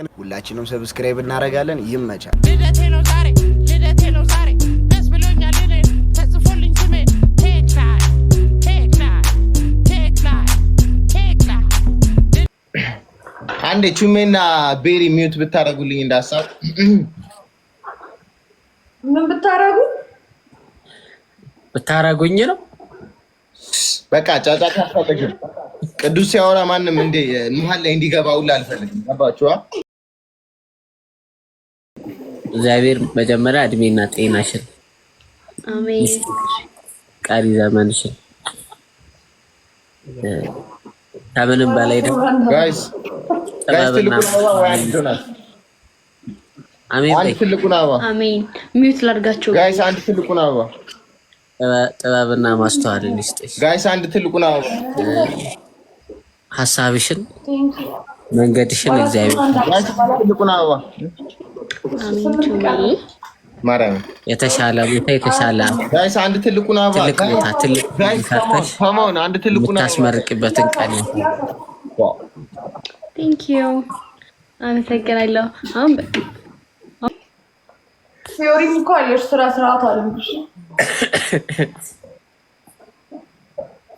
ቅን ሁላችንም ሰብስክራይብ እናደርጋለን። ይመቻል። ልደቴ ነው ዛሬ ልደቴ ነው ዛሬ ደስ ብሎኛል። እኔ ተጽፎልኝ ስሜ ቴክላይ ቴክላይ ቴክላይ ቴክላይ። አንዴ ቹሜና ቤሪ ሚዩት ብታደርጉልኝ እንዳሳብ ምን ብታረጉ ብታረጉኝ ነው በቃ ጫጫታ አልፈልግም። ቅዱስ ሲያወራ ማንም እንደ መሀል ላይ እንዲገባ ሁላ አልፈልግም። ገባችኋ? እግዚአብሔር መጀመሪያ እድሜና ጤናሽን ቀሪ ዘመንሽን ከምንም በላይ ደግሞ ጥበብና ማስተዋልን ይስጥሽ። ሀሳብሽን መንገድሽን እግዚአብሔር ማርያም የተሻለ ቦታ የተሻለ ጋይስ አንድ ትልቁን አባ ትልቅ ቦታ ትልቅ ሰማውን አንድ ትልቁን ታስመርቅበትን ቀን ቴንክ ዩ አመሰግናለሁ። አሁን ፊዮሪም እኮ አየሽ ስራ ስርዓት አለሽ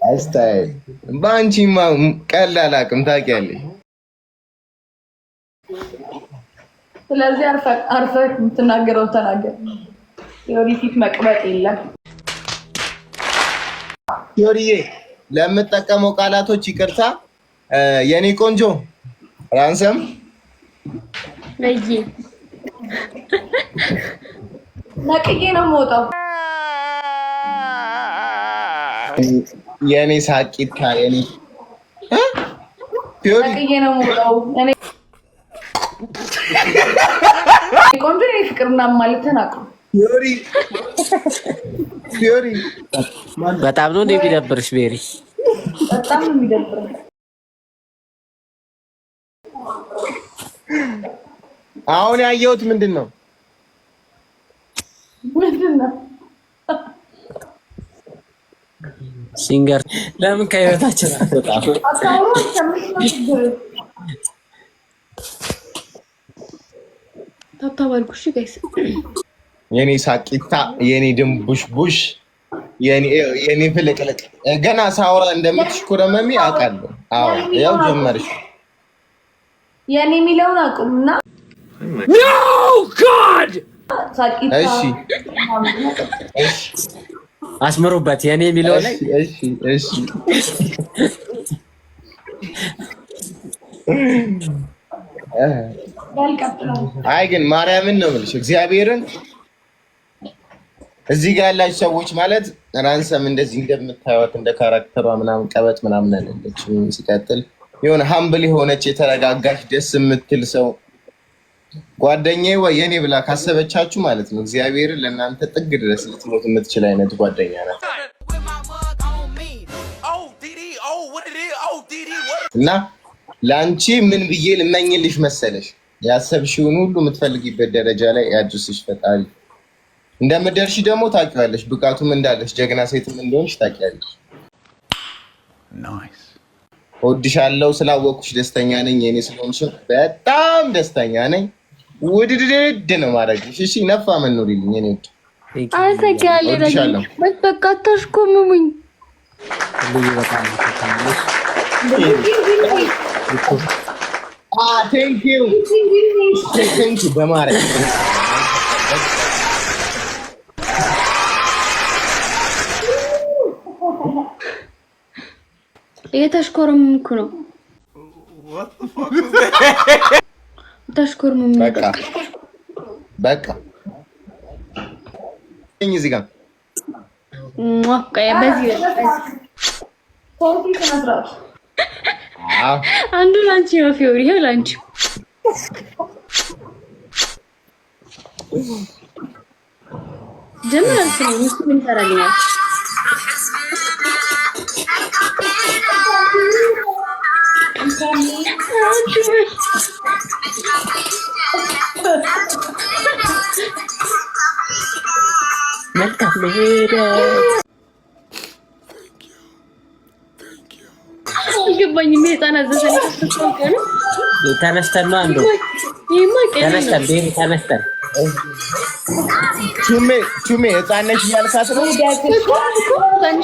አይስታይ በአንቺማ ቀላል አቅም ታውቂያለሽ ስለዚህ አርፈህ የምትናገረው ተናገር። የወደፊት መቅበጥ የለም። ዮሪዬ ለምጠቀመው ቃላቶች ይቅርታ የኔ ቆንጆ ራንሰም ነይ ነቅዬ ነው የምወጣው። የኔ ሳቂታ የኔ ነቅዬ ነው የምወጣው። ቆንጆ ፍቅር ምናምን ማለትን አቁም። በጣም ነው የሚደብርሽ ቤሪ፣ በጣም ነው የሚደብርሽ። አሁን ያየሁት ምንድን ነው ምንድን ነው ሲንገር ለምን ከህይወታችን አትወጣም? አታባልኩ። እሺ ጋይስ፣ የኔ ሳቂታ፣ የኔ ቡሽ የኔ ፍልቅልቅ ገና ሳውራ እንደምትሽኩረመሚ አውቃለሁ። አዎ ያው ጀመርሽ። የኔ የሚለውን አቁምና ኖ ጋድ እሺ አስምሩበት። የኔ የሚለው ላይ እሺ እሺ አይ ግን ማርያምን ነው የምልሽ፣ እግዚአብሔርን እዚህ ጋር ያላችሁ ሰዎች ማለት ራንሰም እንደዚህ እንደምታዩት እንደ ካራክተሯ ምናምን ቀበጥ ምናምን አለች። ሲቀጥል የሆነ ሀምብል የሆነች የተረጋጋች ደስ የምትል ሰው ጓደኛዬ ወይ የኔ ብላ ካሰበቻችሁ ማለት ነው እግዚአብሔርን ለእናንተ ጥግ ድረስ ልትሞት የምትችል አይነት ጓደኛ ናት። እና ለአንቺ ምን ብዬ ልመኝልሽ መሰለሽ? ያሰብሽውን ሁሉ የምትፈልጊበት ደረጃ ላይ ያድርስሽ ፈጣሪ። እንደምደርሽ ደግሞ ታውቂዋለሽ፣ ብቃቱም እንዳለሽ ጀግና ሴትም እንደሆንሽ ታውቂያለሽ። እወድሻለሁ። ስላወቅኩሽ ደስተኛ ነኝ። የኔ ስለሆንሽ በጣም ደስተኛ ነኝ። ውድድድ ነው ማድረግሽ። እሺ ነፋ ምን ኑሪልኝ የኔ ውድ አመሰግናለሁ። በቃ አታሽኮምሙኝ። Ah, thank you. Thank you, Bamara. Ле таш кормым кро. What the fuck is that? Таш кормым. Бека. Бека. Теңіз иген. Муа, кая бәзгер. Толкин канатрат. Ah. Andu lanci ya Fiori, ya lanci. Jangan lanci, mesti bentar lagi ya. Mereka berbeda. የማኝ ህፃናት ዘፈን የተስተካከለ ነው። ተነስተን ነው አንዱ ይማ ተነስተን ቤቢ ተነስተን ቹሜ ቹሜ ህፃን ነሽ እያልካት ነው። ችግር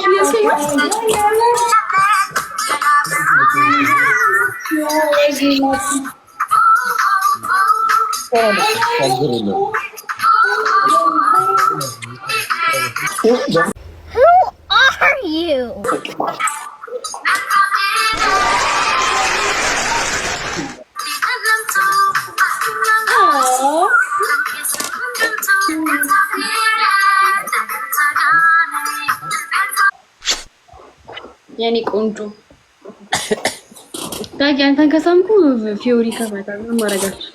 የለውም የኔ ቆንጆ ዳጊ አንተን ከሳምኩ ፊዮሪ ከፋታል። ምን ማረጋችሁ?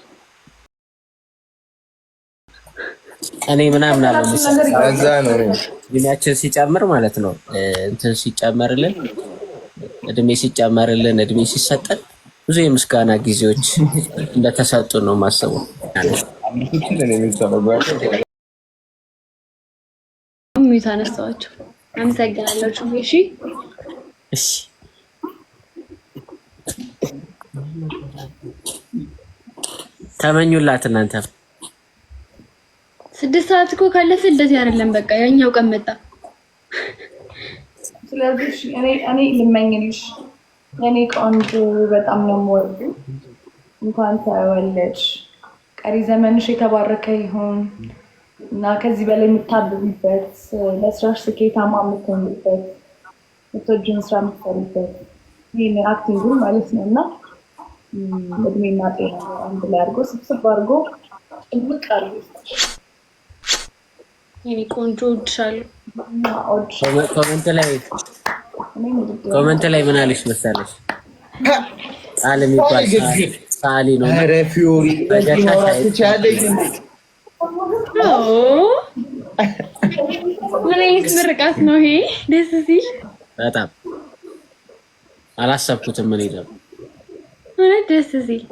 እኔ ምናምን አለ እድሜያችን ሲጨምር ማለት ነው እንትን ሲጨመርልን እድሜ ሲጨመርልን እድሜ ሲሰጠን ብዙ የምስጋና ጊዜዎች እንደተሰጡ ነው የማስበው። ሚዩት አመሰግናለሁ። እሺ እሺ ተመኙላት እናንተ። ስድስት ሰዓት እኮ ካለፈ እንደዚህ አይደለም። በቃ ያኛው ቀን መጣ። ስለዚህ እኔ እኔ ልመኝልሽ የኔ ቆንጆ በጣም ነው የምወደው። እንኳን ተወለድሽ፣ ቀሪ ዘመንሽ የተባረከ ይሁን እና ከዚህ በላይ የምታብብበት ለስራሽ ስኬታማ የምትሆንበት የምትወጂውን ስራ የምትሰሪበት ይህን አክቲንጉን ማለት ነው እና እድሜና ጤና አንድ ላይ አድርጎ ስብስብ አድርጎ ጥብቅ አድርጎ የእኔ ቆንጆ ኮመንት ላይ ምን አለሽ መሰለሽ ቃል የሚባል ሳሊ ነው ምን አይነት ምርቃት ነው ይሄ ደስ ሲል በጣም አላሰብኩትም። ምን ይደም ደስ ሲል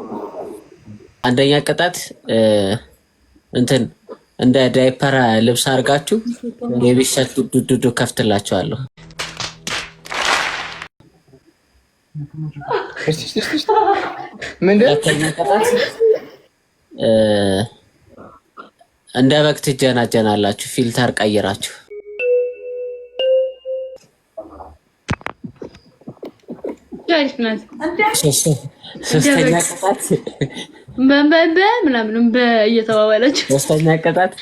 አንደኛ ቅጣት እንትን እንደ ዳይፐር ልብስ አድርጋችሁ የቢሸት ዱዱዱ ከፍትላችኋለሁ። ሁለተኛ ቅጣት እንደ በግ ትጀናጀናላችሁ ፊልተር ቀይራችሁ አሪፍ ናት። ሶስተኛ ቅጣት በበበ ምናምንም እየተባባላችሁ ሶስተኛ ቅጣት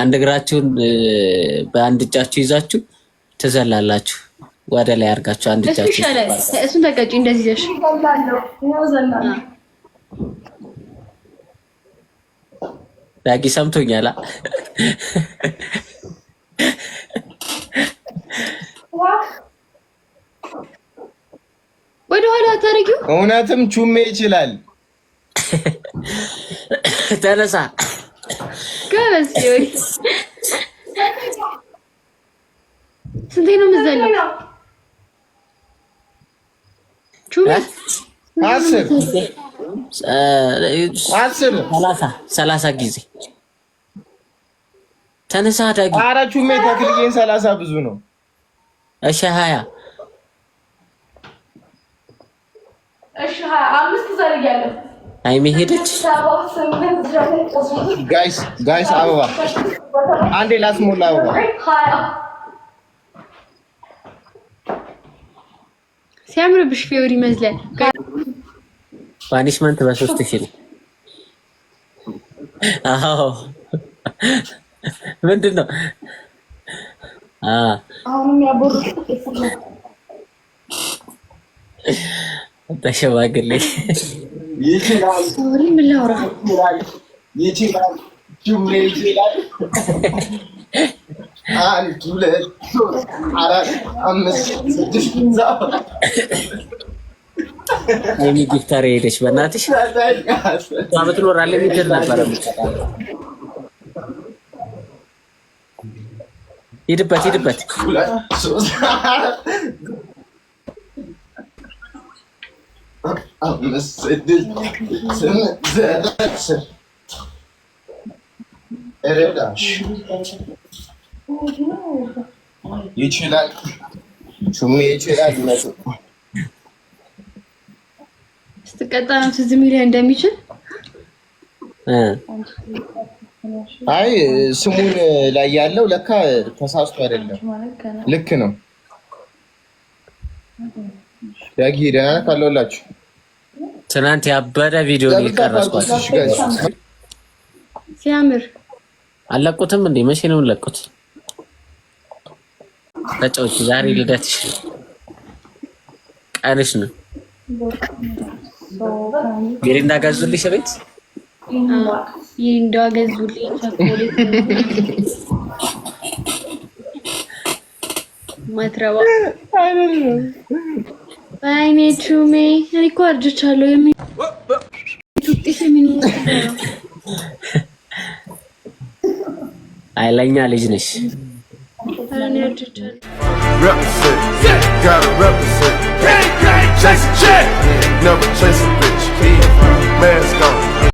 አንድ እግራችሁን በአንድ እጃችሁ ይዛችሁ ትዘላላችሁ። ወደ ላይ አድርጋችሁ አንድ እጃችሁ እሱን ተቀጭ እንደዚህ ይዘሽ ዳጊ ሰምቶኛል። ወደ ኋላ ታረጊው። እውነትም ቹሜ ይችላል። ተነሳ ይወይ ስንቴ ነው የምትዘለው? ቹሜ አስር ሰላሳ ጊዜ ተነሳ። ዳጊ ኧረ ቹሜ ተክልዬን ሰላሳ ብዙ ነው። እሺ ሀያ አይሜ ሄደች። ጋይስ አበባ አንዴ ላስሞላ አበባ ሲያምርብሽ ፌወር ይመስላል። ፓኒሽመንት በሶስት ሺህ ነው። አዎ ምንድን ነው? አሁንም በሸማግሌ ይችላል ጅምሬ ይችላል። አንድ ሁለት ጊፍታር ሄደች። በእናትሽ ብትኖራለ ሚድር ነበረ ሂድበት ሂድበት Anlasedil. Seni zerretse. Eredaş. Yeçiler. Cumhuriyetçiler nasıl? ስቀጣም ትዝ የሚልህ እንደሚችል አይ ስሙን ላይ ያለው ለካ ተሳስቶ አይደለም፣ ልክ ነው። ያጊ ደህና ነህ ካለውላችሁ ትናንት ያበደ ቪዲዮ የቀረስኳቸው ሲያምር አለቁትም እንዴ? መቼ ነው ለቁት? ተጫዎች ዛሬ ልደትሽ ቀንሽ ነው። ሚሪንዳ ገዙልሽ ቤት ሚሪንዳ ገዙልኝ። ማትረባ አይደለም ወይኔ ቹሜ እኔ እኮ አርጅቻለሁ። ውጤት የሚኖ አይለኛ ልጅ ነሽ። አርጅቻለሁ